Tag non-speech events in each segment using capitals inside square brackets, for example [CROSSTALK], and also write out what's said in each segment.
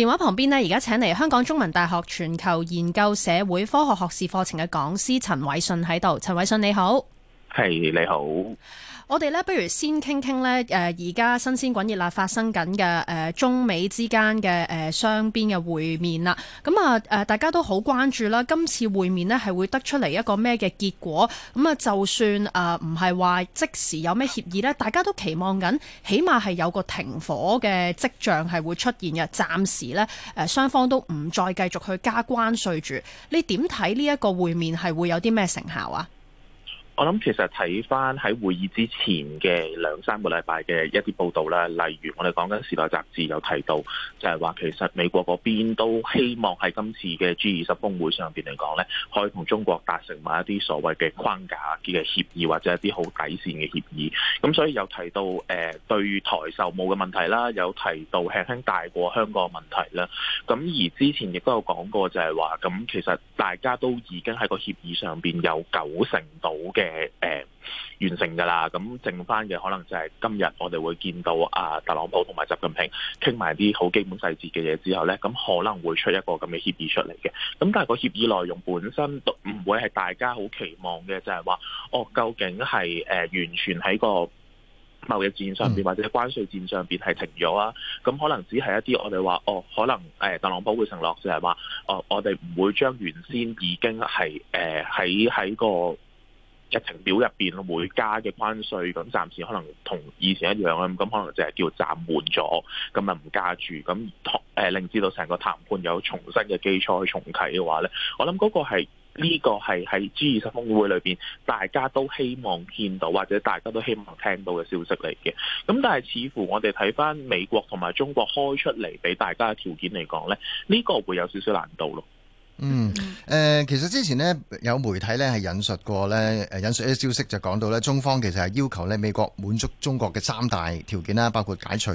電話旁邊呢，而家請嚟香港中文大學全球研究社會科學學士課程嘅講師陳偉信喺度。陳偉信你好，係、hey, 你好。我哋咧，不如先傾傾咧，誒而家新鮮滾熱辣發生緊嘅誒中美之間嘅誒雙邊嘅會面啦。咁、嗯、啊、呃、大家都好關注啦。今次會面呢係會得出嚟一個咩嘅結果？咁、嗯、啊，就算誒唔係話即時有咩協議呢，大家都期望緊，起碼係有個停火嘅跡象係會出現嘅。暫時呢，誒、呃、雙方都唔再繼續去加關稅住。你點睇呢一個會面係會有啲咩成效啊？我諗其實睇翻，喺會議之前嘅兩三個禮拜嘅一啲報道啦，例如我哋講緊《時代雜誌》有提到，就係話其實美國嗰邊都希望喺今次嘅 G 二十峰會上邊嚟講呢，可以同中國達成埋一啲所謂嘅框架嘅協議，或者一啲好底線嘅協議。咁所以有提到誒、呃，對台售武嘅問題啦，有提到吃香大過香港問題啦。咁而之前亦都有講過就，就係話咁，其實大家都已經喺個協議上邊有九成到嘅。誒誒、呃，完成噶啦，咁剩翻嘅可能就係今日我哋會見到啊，特朗普同埋習近平傾埋啲好基本細節嘅嘢之後咧，咁可能會出一個咁嘅協議出嚟嘅。咁但係個協議內容本身都唔會係大家好期望嘅，就係、是、話哦，究竟係誒、呃、完全喺個貿易戰上面或者是關稅戰上面係停咗啊？咁可能只係一啲我哋話哦，可能誒、呃、特朗普會承諾就係、是、話哦，我哋唔會將原先已經係誒喺喺個。日程表入邊會加嘅關稅，咁暫時可能同以前一樣啦，咁可能就係叫暫緩咗，咁咪唔加住，咁誒令至到成個談判有重新嘅基礎去重啟嘅話呢，我諗嗰個係呢、呢個係喺 G 二十峰會裏邊大家都希望見到或者大家都希望聽到嘅消息嚟嘅，咁但係似乎我哋睇翻美國同埋中國開出嚟俾大家嘅條件嚟講咧，呢、呢個會有少少難度咯。嗯，誒，其實之前呢，有媒體呢係引述過呢，誒引述一啲消息就講到呢，中方其實係要求呢美國滿足中國嘅三大條件啦，包括解除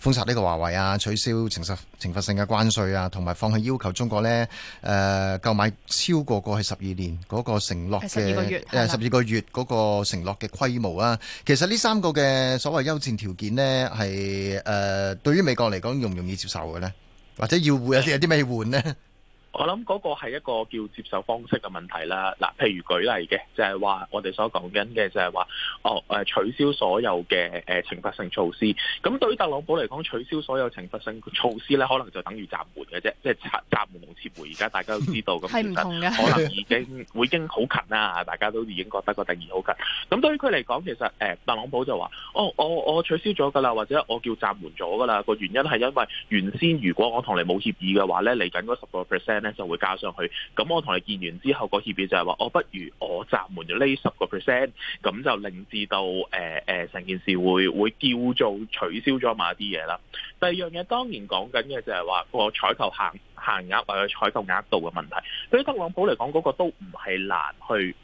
封殺呢個華為啊，取消懲罰懲罰性嘅關稅啊，同埋放棄要求中國呢誒購買超過過去十二年嗰個承諾嘅十二個月十二個月嗰個承諾嘅規模啊。其實呢三個嘅所謂優戰條件呢，係誒對於美國嚟講容唔容易接受嘅呢？或者要換有啲有啲咩換呢？ [LAUGHS] 我諗嗰個係一個叫接受方式嘅問題啦。嗱，譬如舉例嘅就係話，我哋所講緊嘅就係話，哦取消所有嘅誒懲罰性措施。咁對於特朗普嚟講，取消所有懲罰性措施咧，可能就等於暫緩嘅啫，即係拆暫緩同撤回，而家大家都知道係唔同嘅。其實可能已經會已經好近啦，大家都已經覺得個定義好近。咁對於佢嚟講，其實誒、哎、特朗普就話，哦，我我取消咗㗎啦，或者我叫暫緩咗㗎啦。個原因係因為原先如果我同你冇協議嘅話咧，嚟緊嗰十個 percent。咧就會加上去，咁我同你見完之後，個協議就係話，我不如我閘門咗呢十個 percent，咁就令至到誒誒成件事會會叫做取消咗某一啲嘢啦。第二樣嘢當然講緊嘅就係話個採購限限額或者採購額度嘅問題，對於特朗普嚟講嗰個都唔係難去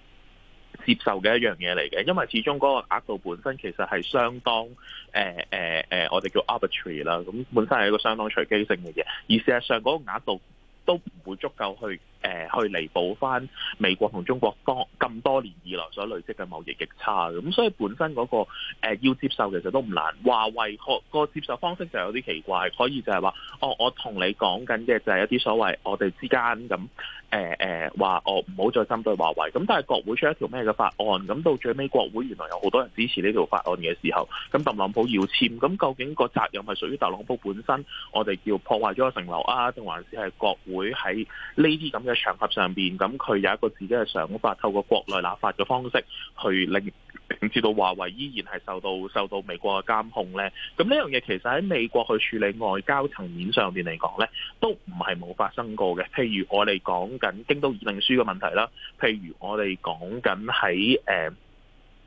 接受嘅一樣嘢嚟嘅，因為始終嗰個額度本身其實係相當誒誒誒，我哋叫 arbitrary 啦，咁本身係一個相當隨機性嘅嘢，而事實上嗰個額度。都唔會足夠去。誒去彌補翻美國同中國咁多年以來所累積嘅貿易逆差。咁所以本身嗰、那個、呃、要接受其實都唔難。華為個個接受方式就有啲奇怪，可以就係話：哦，我同你講緊嘅就係一啲所謂我哋之間咁誒誒話，呃呃、我唔好再針對華為。咁但係國會出一條咩嘅法案？咁到最尾國會原來有好多人支持呢條法案嘅時候，咁特朗普要簽咁，究竟個責任係屬於特朗普本身？我哋叫破壞咗城樓啊，定還是係國會喺呢啲咁嘅？場合上邊，咁佢有一個自己嘅想法，透過國內立法嘅方式，去令令至到華為依然係受到受到美國嘅監控呢。咁呢樣嘢其實喺美國去處理外交層面上面嚟講呢，都唔係冇發生過嘅。譬如我哋講緊京都議定書嘅問題啦，譬如我哋講緊喺誒，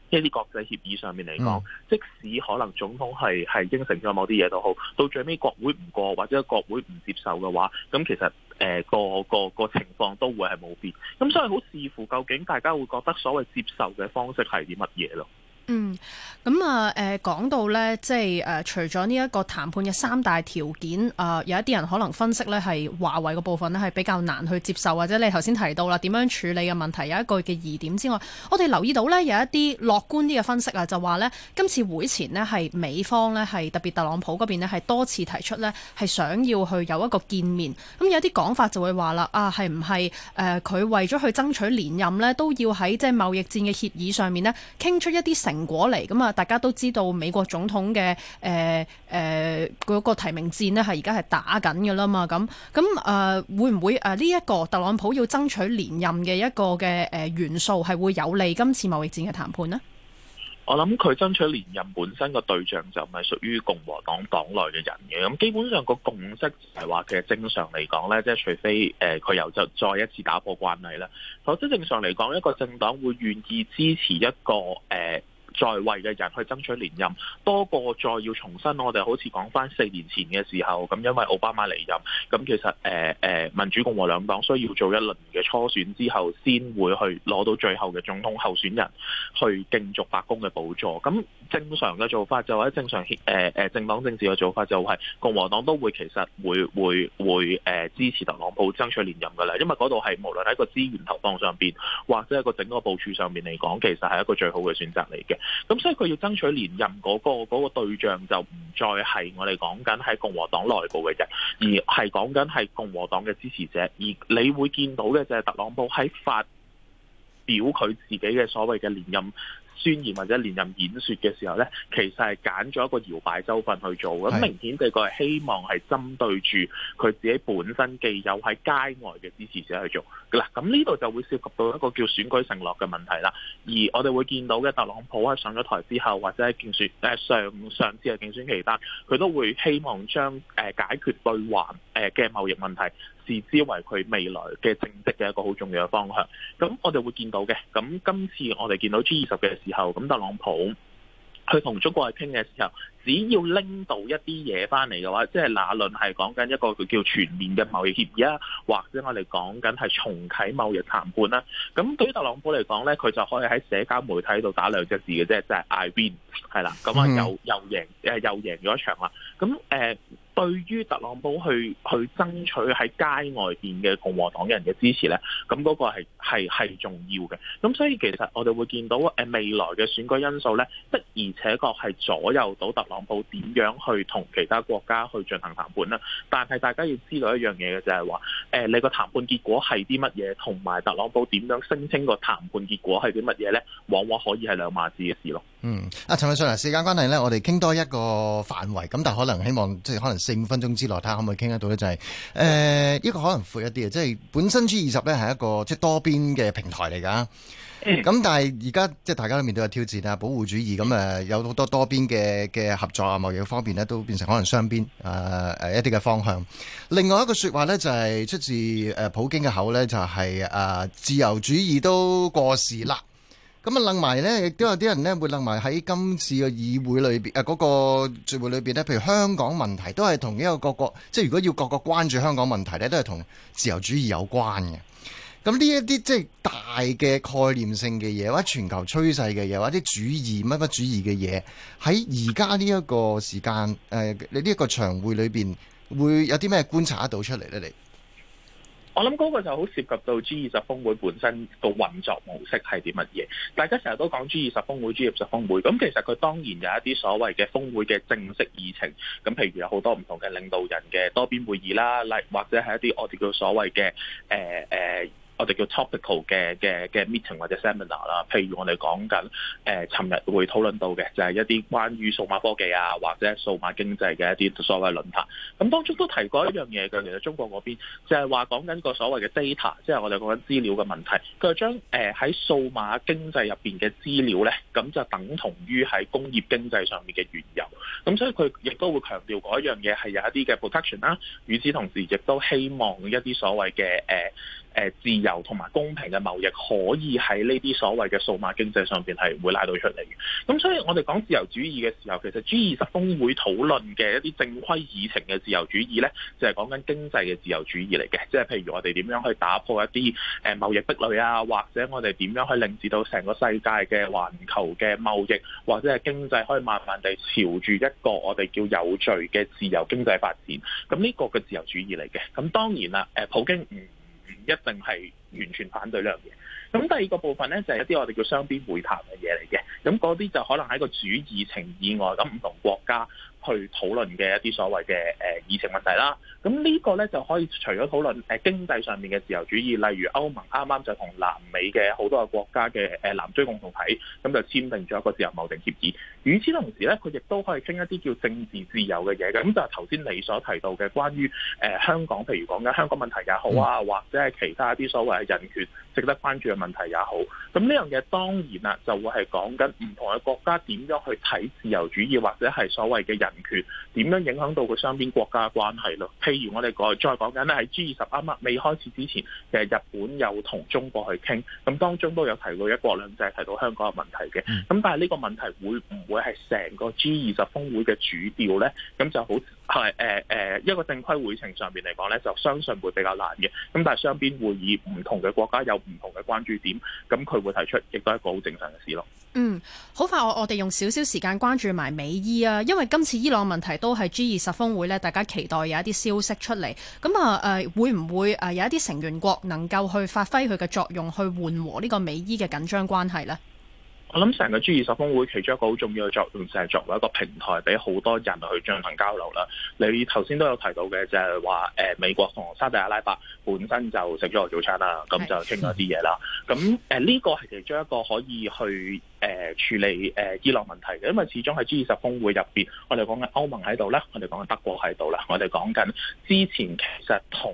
一啲國際協議上面嚟講，即使可能總統係係應承咗某啲嘢都好，到最尾國會唔過或者國會唔接受嘅話，咁其實誒、呃、個個個情況都會係冇變，咁所以好視乎究竟大家會覺得所謂接受嘅方式係啲乜嘢咯。嗯，咁啊，誒、呃，講到咧，即係誒、呃，除咗呢一個談判嘅三大條件，啊、呃，有一啲人可能分析咧，係華為嘅部分咧，係比較難去接受，或者你頭先提到啦，點樣處理嘅問題有一個嘅疑點之外，我哋留意到咧，有一啲樂觀啲嘅分析啊，就話咧，今次會前咧，係美方咧，係特別特朗普嗰邊咧，係多次提出咧，係想要去有一個見面，咁有啲講法就會話啦，啊，係唔係誒，佢、呃、為咗去爭取連任咧，都要喺即係貿易戰嘅協議上面咧，傾出一啲成。果嚟，大家都知道美國總統嘅誒誒個提名戰呢，係而家係打緊噶啦嘛。咁咁誒會唔會誒呢一個特朗普要爭取連任嘅一個嘅誒元素，係會有利今次貿易戰嘅談判呢？我諗佢爭取連任本身個對象就唔係屬於共和黨黨內嘅人嘅。咁基本上個共識係話，其實正常嚟講呢，即係除非誒佢又就再一次打破慣例啦。否則正常嚟講，一個政黨會願意支持一個誒。呃在位嘅人去爭取連任，多過再要重新。我哋好似講翻四年前嘅時候，咁因為奧巴馬離任，咁其實誒誒、呃、民主共和兩黨需要做一輪嘅初選之後先會去攞到最後嘅總統候選人去競逐白宮嘅寶座。咁正常嘅做法就或者正常誒誒、呃、政黨政治嘅做法就係共和黨都會其實會會會誒、呃、支持特朗普爭取連任㗎啦，因為嗰度係無論喺個資源投放上邊或者係個整個部署上面嚟講其實係一個最好嘅選擇嚟嘅。咁所以佢要爭取連任嗰個嗰個對象就唔再係我哋講緊喺共和黨內部嘅啫，而係講緊係共和黨嘅支持者，而你會見到嘅就係特朗普喺發表佢自己嘅所謂嘅連任宣言或者連任演說嘅時候呢，其實係揀咗一個搖擺州份去做的，咁明顯地個係希望係針對住佢自己本身既有喺街外嘅支持者去做嗱，咁呢度就會涉及到一個叫選舉承諾嘅問題啦。而我哋會見到嘅特朗普喺上咗台之後，或者係競選誒上上次嘅競選期間，佢都會希望將誒解決對華誒嘅貿易問題。視之為佢未來嘅政績嘅一個好重要嘅方向，咁我哋會見到嘅。咁今次我哋見到 G 二十嘅時候，咁特朗普去同中國去傾嘅時候，只要拎到一啲嘢翻嚟嘅話，即係哪論係講緊一個佢叫全面嘅貿易協議啊，或者我哋講緊係重啟貿易談判啦，咁對於特朗普嚟講呢，佢就可以喺社交媒體度打兩隻字嘅啫，即係 I win 係啦，咁啊又、嗯、又贏又贏咗一場啦，咁誒。呃對於特朗普去去爭取喺街外邊嘅共和黨人嘅支持呢，咁嗰個係係係重要嘅。咁所以其實我哋會見到未來嘅選舉因素呢，的而且確係左右到特朗普點樣去同其他國家去進行談判啦。但係大家要知道一樣嘢嘅就係話，呃，你個談判結果係啲乜嘢，同埋特朗普點樣聲稱個談判結果係啲乜嘢呢，往往可以係兩碼子嘅事咯。嗯，啊陳偉信啊，時間關係呢我哋傾多一個範圍，咁但係可能希望即係可能四五分鐘之內，睇下可唔可以傾得到呢？就係、是、誒，一、呃這個可能闊一啲嘅，即係本身 G 二十呢係一個即係多邊嘅平台嚟噶，咁、嗯、但係而家即係大家都面對個挑戰啊，保護主義咁誒，有好多多邊嘅嘅合作啊，貿易方面呢都變成可能雙邊誒誒一啲嘅方向。另外一個說話呢，就係、是、出自誒、呃、普京嘅口呢，就係、是、誒、呃、自由主義都過時啦。咁啊，楞埋呢，亦都有啲人呢會楞埋喺今次嘅議會裏面。誒嗰個聚會裏面呢，譬如香港問題，都係同一個各國，即係如果要各國關注香港問題呢，都係同自由主義有關嘅。咁呢一啲即係大嘅概念性嘅嘢，或者全球趨勢嘅嘢，或者主義乜乜主義嘅嘢，喺而家呢一個時間，誒你呢一個場會裏面會有啲咩觀察得到出嚟呢？你？我諗嗰個就好涉及到 G 二十峰會本身個運作模式係啲乜嘢，大家成日都講 G 二十峰會、G 二十峰會，咁其實佢當然有一啲所謂嘅峰會嘅正式議程，咁譬如有好多唔同嘅領導人嘅多邊會議啦，例或者係一啲我哋叫所謂嘅誒誒我哋叫 topical 嘅嘅嘅 meeting 或者 seminar 啦，譬如我哋講緊誒，尋、呃、日會討論到嘅就係一啲關於數碼科技啊或者數碼經濟嘅一啲所謂論壇。咁當中都提過一樣嘢嘅，其實中國嗰邊就係話講緊個所謂嘅 data，即係我哋講緊資料嘅問題，佢將誒喺數碼經濟入邊嘅資料咧，咁就等同於喺工業經濟上面嘅原油。咁所以佢亦都會強調嗰一樣嘢係有一啲嘅 protection 啦。與此同時亦都希望一啲所謂嘅誒。呃誒自由同埋公平嘅貿易可以喺呢啲所謂嘅數碼經濟上邊係會拉到出嚟嘅。咁所以，我哋講自由主義嘅時候，其實 G 二十峰會討論嘅一啲正規議程嘅自由主義呢，就係講緊經濟嘅自由主義嚟嘅。即係譬如我哋點樣去打破一啲誒貿易壁壘啊，或者我哋點樣去令至到成個世界嘅環球嘅貿易或者係經濟可以慢慢地朝住一個我哋叫有序嘅自由經濟發展。咁呢個嘅自由主義嚟嘅。咁當然啦，誒普京唔。一定係完全反對呢樣嘢。咁第二個部分咧，就係一啲我哋叫雙邊會談嘅嘢嚟嘅。咁嗰啲就可能係一個主議程以外，咁唔同國家。去討論嘅一啲所謂嘅誒議程問題啦，咁呢個呢，就可以除咗討論誒經濟上面嘅自由主義，例如歐盟啱啱就同南美嘅好多個國家嘅誒南錐共同體咁就簽訂咗一個自由貿易協議。與此同時呢，佢亦都可以傾一啲叫政治自由嘅嘢嘅，咁就係頭先你所提到嘅關於誒香港，譬如講緊香港問題也好啊，或者係其他一啲所謂嘅人權值得關注嘅問題也好，咁呢樣嘢當然啊就會係講緊唔同嘅國家點樣去睇自由主義或者係所謂嘅人權點樣影響到個雙邊國家關係咯。譬如我哋再講緊咧喺 G 二十啱啱未開始之前，其實日本有同中國去傾，咁當中都有提到一國兩制，提到香港嘅問題嘅。咁但係呢個問題會唔會係成個 G 二十峰會嘅主調呢？咁就好。係誒一個正規會程上面嚟講呢，就相信會比較難嘅。咁但係雙邊會議唔同嘅國家有唔同嘅關注點，咁佢會提出，亦都係一個好正常嘅思路。嗯，好快我我哋用少少時間關注埋美伊啊，因為今次伊朗問題都係 G 二十峰會呢，大家期待有一啲消息出嚟。咁、嗯、啊會唔會有一啲成員國能夠去發揮佢嘅作用，去緩和呢個美伊嘅緊張關係呢？我諗成個 G 二十峰會其中一個好重要嘅作用，就係作為一個平台俾好多人去進行交流啦。你頭先都有提到嘅，就係話誒美國同沙特阿拉伯本身就食咗個早餐啦，咁就傾咗啲嘢啦。咁誒呢個係其中一個可以去誒處理誒伊朗問題嘅，因為始終喺 G 二十峰會入邊，我哋講緊歐盟喺度咧，我哋講緊德國喺度啦，我哋講緊之前其實同。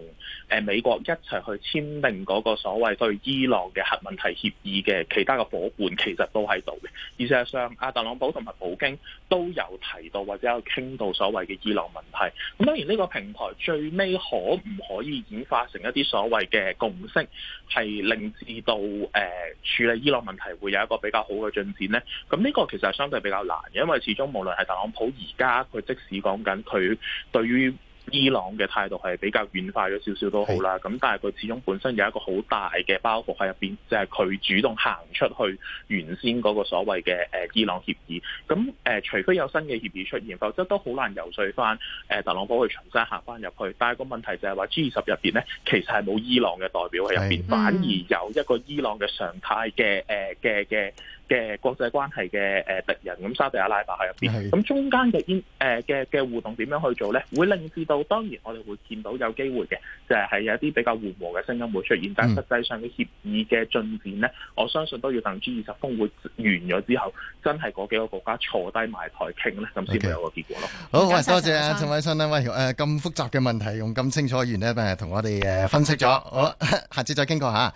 誒美國一齊去簽訂嗰個所謂對伊朗嘅核問題協議嘅其他嘅伙伴其實都喺度嘅，而事實上阿特朗普同埋普京都有提到或者有傾到所謂嘅伊朗問題。咁當然呢個平台最尾可唔可以演化成一啲所謂嘅共識，係令至到誒處理伊朗問題會有一個比較好嘅進展呢？咁呢個其實係相對比較難嘅，因為始終無論係特朗普而家佢即使講緊佢對於。伊朗嘅態度係比較軟化咗少少都好啦，咁是但係佢始終本身有一個好大嘅包袱喺入邊，就係、是、佢主動行出去原先嗰個所謂嘅誒伊朗協議，咁誒、呃、除非有新嘅協議出現，否則都好難遊說翻誒、呃、特朗普去重新行翻入去。但係個問題就係話 G 二十入邊咧，其實係冇伊朗嘅代表喺入邊，是反而有一個伊朗嘅常態嘅誒嘅嘅。呃的的嘅國際關係嘅誒敵人，咁沙特阿拉伯喺入邊，咁的中間嘅煙誒嘅嘅互動點樣去做咧？會令至到當然，我哋會見到有機會嘅，就係、是、係有啲比較緩和嘅聲音會出現，但實際上嘅協議嘅進展咧，嗯、我相信都要等 G20 峰會完咗之後，真係嗰幾個國家坐低埋台傾咧，咁先會有個結果咯。Okay. 好，唔多謝啊陳偉信咧，喂誒咁複雜嘅問題用咁清楚言咧，同我哋誒分析咗，好，哦、下次再傾過嚇。